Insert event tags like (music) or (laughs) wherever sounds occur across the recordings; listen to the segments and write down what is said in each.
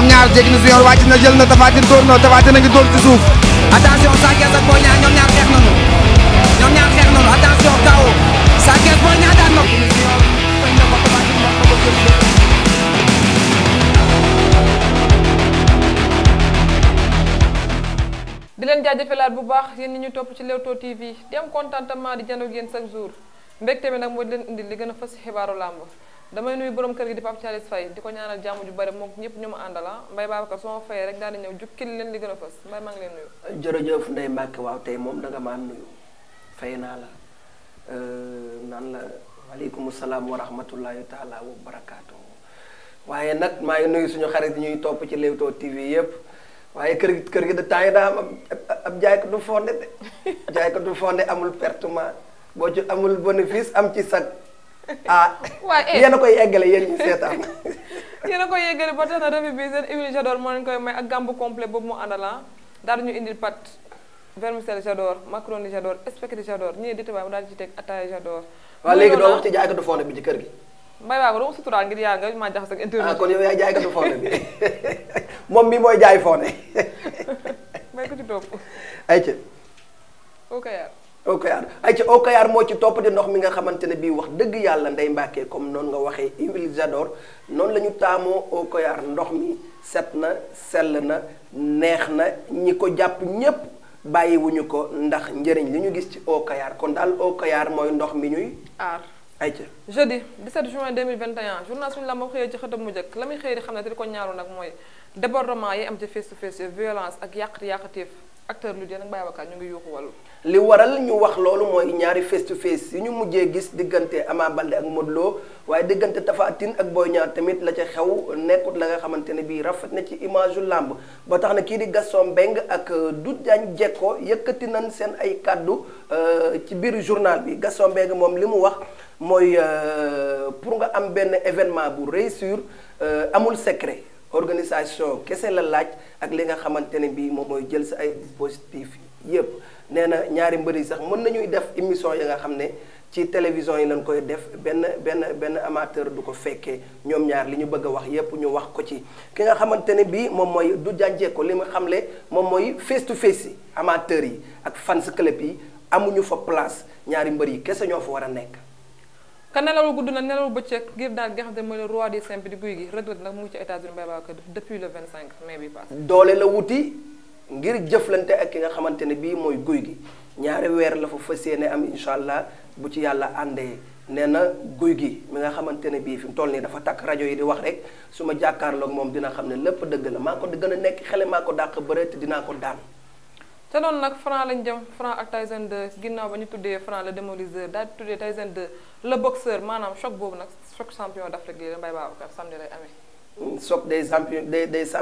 ñoom ñaar jéggi na su yor wàcc na jël na Tapha Tine dóor na Tapha Tine a ngi dóor ci suuf attention Sa Thiès ak ñoom ñaar xeex nañu ñoom ñaar xeex nañu attention kaw Sa Thiès Boy daan na di leen jaajëfalaat bu baax yéen ñi ñu topp ci Leewtoo TV di contentement di jënd ak yéen chaque jour mbégte mi nag moo di leen indil li gën a fës xibaaru làmb damay nuyu borom kër gi di Pape Thialis Faye di ko ñaanal jàmm ju bari moom ñëpp ñu ma àndala ah. Mbaye Babacar soo fayee rek daal di ñëw jukkil leen li gën a fës Mbaye maa leen nuyu jërëjëf Ndeye Mbacke waaw tey moom danga ma nuyu fay naa la euh, naan la waaleykum salaam wa rahmatullahi taala nag maa ngi nuyu suñu xarit yi ñuy topp ci Leewtoo TV yëpp waaye kër gi kër gi de temps yi daa am ab jaay ko du fonde de (laughs) jaay ko du fonde amul pertement boo ci amul bénéfice am ci sag ah eh. yéen a koy eggale yéen ñi seetaan. (laughs) yéen a koy eggale ba tax na revue bi seen huile j'adore moo na koy may ak gambu complet boobu mu àndala ah. daal ñu indil pat vermicelle j'adore macaroni j'adore spaghetti j'adore ñii di tubaab daal di ci teg ataaya j'adore. waaw léegi doo wax ci jaaykatu fonde bi ci kër gi. mbay baa ko doo suturaal ngir yaa nga maa jaxase ak internet. Ah, (laughs) moom mi mooy jaay fonde. (laughs) mbay ko ci topp. ayca. ok. okayaar ay ci okayaar moo ci topp ndox mi nga xamante ne bii wax dëgg yàlla ndey mbàkkee comme noonu nga waxee huile noonu la ñu taamoo okayaar ndox mi set na sel na neex na ñi ko jàpp ñépp bàyyiwuñu ko ndax njëriñ li ñu gis ci okayaar kon daal okayaar mooy ndox mi ñuy aar ayca jeudi 17 juin 2021 journal suñu la xëyee ci xëtam mu njëkk la muy xëy di xam ne te di ko ñaaru nag mooy débordement yi am ci face to face violence ak yàqati yàqateef acteur lu nag Baye Bakar ñu ngi yuuxu wàllu li waral ñu wax loolu mooy ñaari face to ñu mujjee gis diggante Ama Baldé ak Modou Lo waaye diggante Tapha Tine ak Boy Niang tamit la ca xew nekkut la nga xamante ne bii rafet na ci image yu làmb ba tax na kii di Gaston Mbengue ak Doudou Diagne Diecko yëkkati nañ seen ay kàddu euh, ci biir journal bi Gaston Mbengue moom li mu wax mooy euh, pour nga am benn événement bu réussir euh, amul secret organisation kese la laaj ak li nga xamante ne bii moom mooy jël sa ay dispositif yëpp nee na ñaari mbër yi sax mën nañuy def émission yi nga xam ne ci télévision yi lañ koy def benn benn benn amateur du ko fekkee ñoom ñaar li ñu bëgg a wax yépp ñu wax ko ci ki nga xamante ne bii moom mooy du jànjee li ma xam xamle moom mooy face to face yi amateur yi ak fans club yi amuñu fa place ñaari mbër yi kese ñoo fa war a nekk ka nelaw gudd na nelaw bëccëg ngir daan nga xam ne mooy di guy gi Reug Reug nag mu ngi ci États-Unis mbay le 25 mai bi passé. doole la wuti ngir jëflante ak ki nga xamante ne bii mooy guy gi ñaari weer la fa fas yéene am incha allah bu ci yàlla àndee nee na guy gi mi nga xamante ne bii fi mu toll nii dafa takk rajo yi di wax rek su ma jàkkaarloog moom dina xam ne lépp dëgg la maa ko gën a nekk xele maa ko dàq bëreet dinaa ko daan. te noonu nag Franc lañ jëm Franc ak Tyson 2 ginnaaw ba ñu tuddee Franc la démolisseur daal di tuddee Tyson 2 le boxeur maanaam choc boobu nag choc champion d'Afrique lii la Mbaye Babacar samedi lay amee. Mm, des champions des des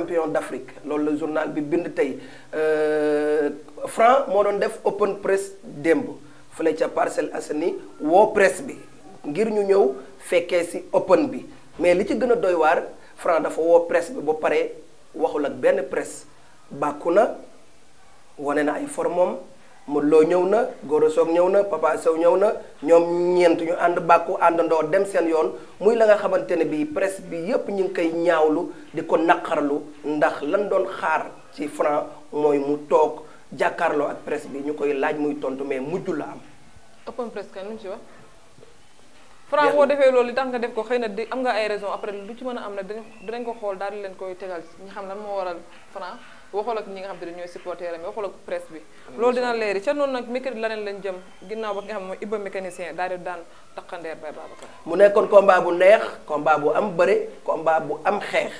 loolu la journal bi bind tey euh, Franc moo doon def open press démb fële ca Parcelles Assainies woo presse bi ngir ñu ñëw fekkee si open bi mais li ci gën a doy waar Franc dafa woo presse bi ba pare waxul ak benn presse bàkku na. wane na ay formom Modou loo ñëw na Gora Sock ñëw na Papa Sow ñëw na ñoom ñeent ñu ànd bàkku àndandoo dem seen yoon muy la nga xamante ne bii presque bi yépp ñu ngi koy ñaawlu di ko naqarlu ndax lan doon xaar ci Franc mooy mu toog jàkkaarloo ak presse bi ñu koy laaj muy tontu mais mujj la am. open presse kan lu ci wax. Franc boo defee loolu li def ko xëy na di am nga ay raison après lu ci mën a am na dinañ ko xool daal di leen koy tegal ñu xam lan moo waral Franc. waxul ak ñi nga xam te ne ñooy supporter am waxul ak presse loolu dina leeri ca noonu nag mercredi laneen lañ jëm ginnaaw ba nga xam ne mooy Iba mécanicien daal di daan taqandeer bay Babacar mu nekkoon komba bu neex komba bu am bëre combat bu am xeex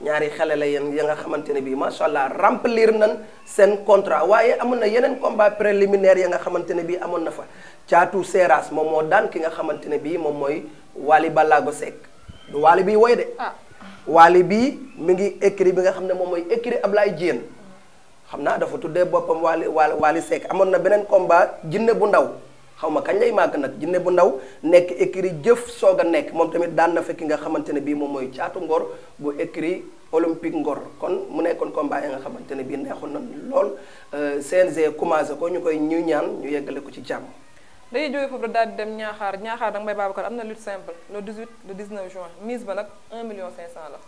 ñaari xale la yen ya nga xamante ne bii macha allah remplir nañ seen contrat waaye amoon na yeneen combat préliminaire ya nga xamante ne bii amoon na fa caatu seeraas moom moo daan ki nga xamante ne bii moom mooy Wally Ballago Seck du Wally bi woy de ah. waali bii mu ngi écrit bi nga xam ne moom mooy écrit Ablaye Dieng xam naa dafa tuddee boppam waali waali waali Seck amoon na beneen combat jinne bu ndaw xaw ma kañ lay màgg nag jinne bu ndaw nekk écrit jëf soog a nekk moom tamit daan na fekk nga xamante ne bii moom mooy caatu ngor bu écrit olympique ngor kon mu nekkoon combat yi nga xamante ne bii neexoon na lool euh, CNG commencé ko ñu koy ñu ñaan ñu yeggale ko ci jàmm. dañuy jógee foofu daal di dem ñaaxaar ñaaxaar danga bay Babacar am na lutte simple le 18 le 19 juin mise ba nag 1 million 500 la.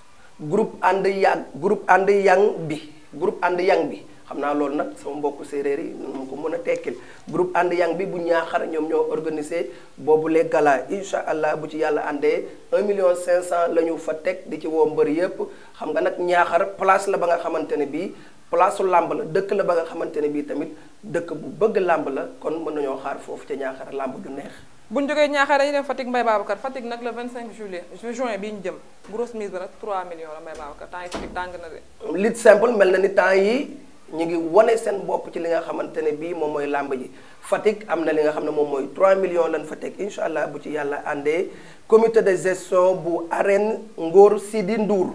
groupe ànd yàgg groupe ànd yang bi groupe ànd yang bi xam naa loolu nag sama mbokku séeréer yi mën a tekkil groupe ànd yang bi bu ñaaxar ñoom ñoo organisé boobu les gala incha allah bu ci yàlla àndee 1 million 500 la ñu fa teg di ci woo mbër yëpp xam nga nag ñaaxar place la ba nga xamante ne bii. placeu làmb la dëkk la ba nga xamante ne bii tamit dëkk bu bëgg làmb la kon mën nañoo xaar foofu ca ñaaxar làmb ju neex bu ñu jógee ñaaxaar dañuy dem Fatick Mbaye Babacar Fatick nag le 25 juillet juin bii ñu jëm grosse mise ba nag 3 millions la Mbaye Babacar temps yi Fatick tàng na de lit simple mel na ni temps yi ñu ngi wane seen bopp ci li nga xamante ne bii moom mooy làmb ji Fatick am na li nga xam ne moom mooy 3 millions lañ fa teg allah bu ci yàlla àndee comité de gestion bu arène Ngor Sidi Ndour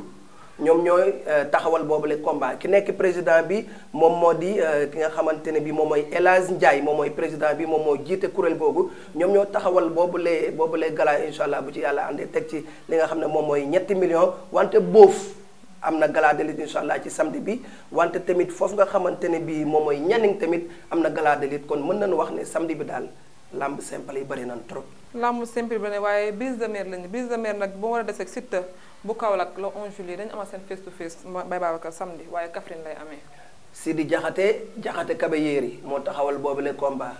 ñoom ñooy euh, taxawal boobu boobule combat ki nekk président bi moom moo di euh, ki nga xamante ne bi moom mooy El Hadj moom mooy président bi moom moo jiite kuréel boobu ñoom ñoo taxawal boobu boobule boobule gala incha allah bu ci yàlla àndee teg ci li nga xam ne moom mooy ñetti millions wante boof. am na gala de ci samedi bi wante tamit foofu nga xamante ne bii moom mooy ñaning tamit am na gala de kon mën nañu wax ne samedi bi daal làmb simple yi bëri trop. lamb simple bi ne waaye bis de mer lañu brise de mer nag bu war a desee Siteu bu Kaolack le 11 juillet dañu amal seen face to face Baye Babacar samedi waaye Kaffrine lay amee. Sidi Diakhaté Diakhaté Kabe Yéeri moo taxawal boobu le combat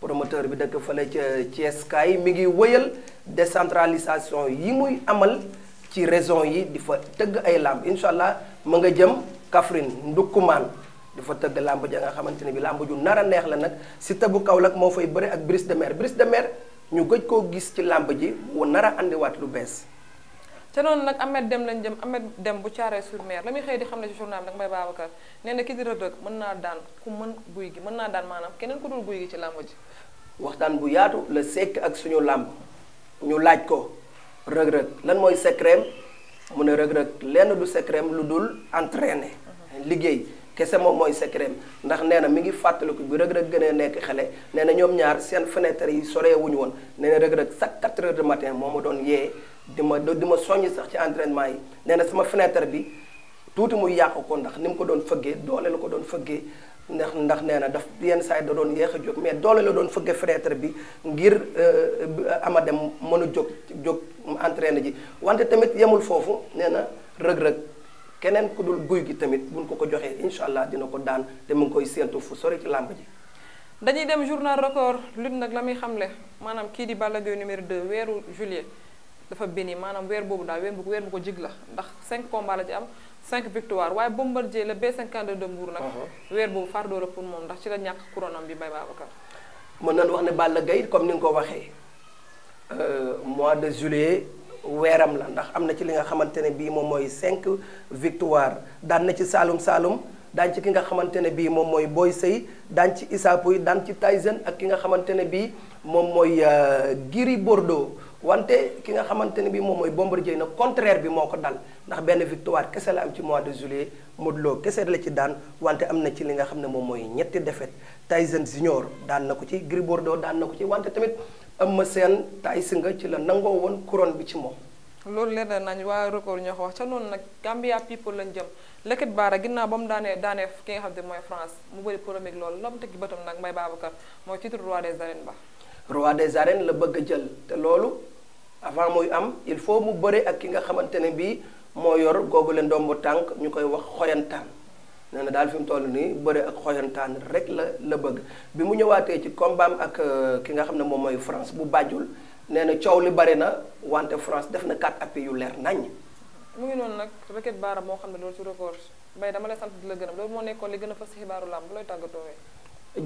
promoteur bi dëkk fële ca Thiès kaay mi ngi wëyal décentralisation yi muy amal ci région yi di fa tëgg ay lamb incha allah ma nga jëm Kaffrine Ndoukoumane. fa tëgg làmb ji nga xamante ne bi làmb ju nara neex la nag Siteu kaw Kaolack moo fay bëri ak Brise de Mer Brise de Mer ñu gëj ko gis ci làmb ji wu nar a andiwaat lu bees te noonu nag Ahmed Deme lañ jëm Ahmed Deme bu Thiaroye sur la muy xëy di xam ne ci journal nag Mbaye Babacar nee na ki di Reug Reug mën naa daan ku guy gi mën naa daan maanaam keneen ku dul guy gi ci làmb ji waxtaan bu yaatu la sekk ak suñu làmb ñu laaj ko Reug Reug mooy secret mu ne Reug lenn du secret lu dul entraîner mhm. liggéey kese moom mooy secret ndax nee na mi ngi fàttaliku bi rëg-rëg gën a nekk xale nee na ñoom ñaar seen fenêtre yi soree wuñu woon nee na rëg-rëg chaque 4 heures du matin doon yee di ma di ma soññ sax ci entraînement yi nee na sama fenêtre bi tuuti muy yàqu ko ndax ni mu ko doon fëggee doole la ko doon fëggee ndax ndax nee na daf yenn saa yi doon yéex a jóg mais doole la doon fëgg fenêtre bi ngir euh, ama dem mën a jóg jóg entraîné ji wante tamit yemul foofu nee na rëg-rëg keneen ku dul guy gi tamit buñ ko ko joxee incha allah dina ko daan te mu ngi koy séentu fu sori ci làmb ji. dañuy dem journal record lutte nag la muy xamle maanaam kii di Balla Gaye numéro 2 weeru juillet dafa béni maanaam weer boobu daal weer bu weer bu ko jig la ndax 5 combats la ci am 5 victoire waaye jee la B52 de Mbour nag. Uh-huh. weer boobu fardeau la pour moom ndax ci la ñàkk couronam bi Baye Babacar. mën nañu wax ne Balla Gaye comme ni nga ko waxee euh, mois de juillet. weeram la ndax am na ci li nga xamante ne bii moom mooy cinq victoire daan na ci Saalum Saalum daan ci ki nga xamante ne bii moom mooy Boy Sey daan ci Issa yi daan ci Tyson ak ki nga xamante ne bii moom mooy euh, Gris Bordeaux wante ki nga xamante ne bii moom mooy Bombardier na contraire bi moo ko dal ndax benn victoire kese la am ci mois de juillet Modou Lo kese la ci daan wante am na ci li nga xam ne moom mooy ñetti défaite Tyson Junior daan na ko ci Gris Bordeaux daan na ko ci wante tamit Eumeu Sène Tyson nga ci la nangoo woon couronne bi ci moom. loolu leer na nañ waa record ñoo ko wax ca noonu nag Gambia people lañ jëm Leket Baara ginnaaw ba mu daanee daanee ki nga xam ne mooy France mu bëri polémique loolu la mu tëggi bëtam nag Mbaye Babacar mooy titre bëgg a jël te loolu avant muy am il faut mu bëre ak ki nga xamante ne bii. moo yor googu leen dombu tànk ñu koy wax xoyantaan nee na daal fi mu toll nii bëre ak xoyantaan rek la la bëgg bi mu ñëwaatee ci comme baam ak euh, ki nga xam ne moom mooy France bu bàjjul nee na coow li bari na wante France def na quatre appuis yu leer naññ. mu ngi noonu nag requête baara moo xam ne loolu ci record bay dama lay sant di la gërëm loolu moo nekkoon li gën a fa ci xibaaru làmb bu looy tàggatoo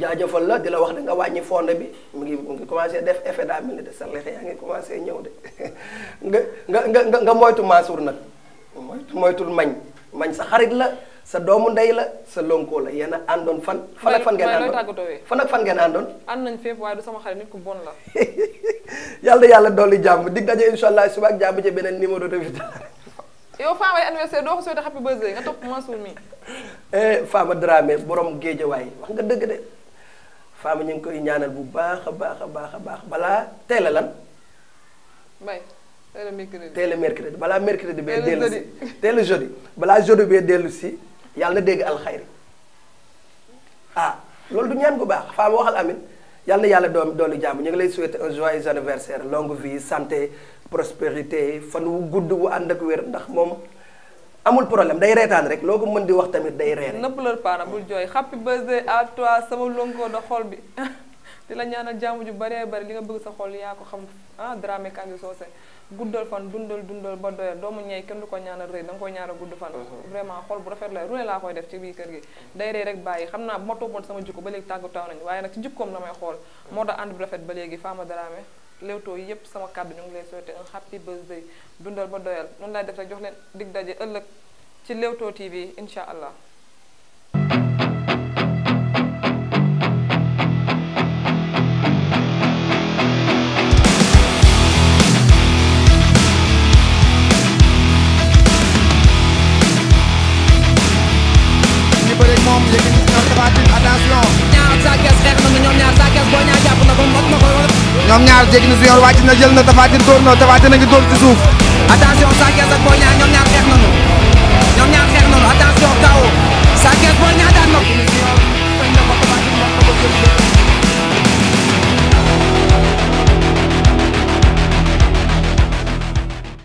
jaajëfal la di la wax ne nga wàññi fonde bi mu ngi mu commencé def effet daa mel ni de sa lexe yaa ngi (laughs) nga nga nga nga moytu Mansour nag. moytul mañ mañ sa xarit la sa doomu ndey la sa lonko la yéen a àndoon fan. fan ak fan ngeen àndoon fan ak fan ngeen àndoon. ànd nañ fépp waaye du sama xarit nit ku bon la. (laughs) yàlla yàlla dolli jàmm dig daje incha allah suba ak jàmm ci beneen numéro de Vita. (laughs) yow Fama ay anniversaire doo ko souhaité happy birthday nga topp Mansour mi. (laughs) eh Fama Dramé borom wax nga dëgg de Fama ñu ngi koy ñaanal bu baax a baax a baax a baax balaa teel a teel a mercredi balaa mercredi bee dellu si teel a balaa jeudi bee dellu si yàlla na dégg alxayri ah loolu du ñaan bu baax faama waxal amin yàlla na yàlla doom doolu jàmm ñu ngi lay souhaiter un joyeux anniversaire longue vie santé prospérité fan wu gudd wu ànd ak wér ndax moom amul problème day reetaan rek loo ko mën di wax tamit day reere ne pleure pas bul jooy happy birthday à toi sama lonko do xol bi (laughs) di la ñaanal jàmm ju bëree bëri li nga bëgg sa xol yaa xam ah guddal fan dundal dundal ba doyal doomu ñey kenn du ko ñaanal rëy da nga koy ñaanal gudd fan uh-huh. vraiment xol bu rafet la rune laa koy def ci biir kër gi day rek bàyyi xam naa bu ma toppoon sama jikko ba léegi tàggu taw nañu waaye nag ci jikkoom la may xool uh-huh. moo tax ànd bu rafet ba léegi Fama Dramé Leewtoo yépp sama kàddu ñu ngi lay souhaité un happy birthday dundal ba doyal noonu laay def rek jox leen dig daje ëllëg ci Leewtoo TV incha allah ambulance non ñaar saakees xeex ñoom ñaar saakees si yoon wàcc jël na tafaatin dóor na tafaatin ngi dóor ci suuf attention saakees ak ñoom ñaar xeex nañu ñoom ñaar xeex nañu attention kaw saakees boo daan na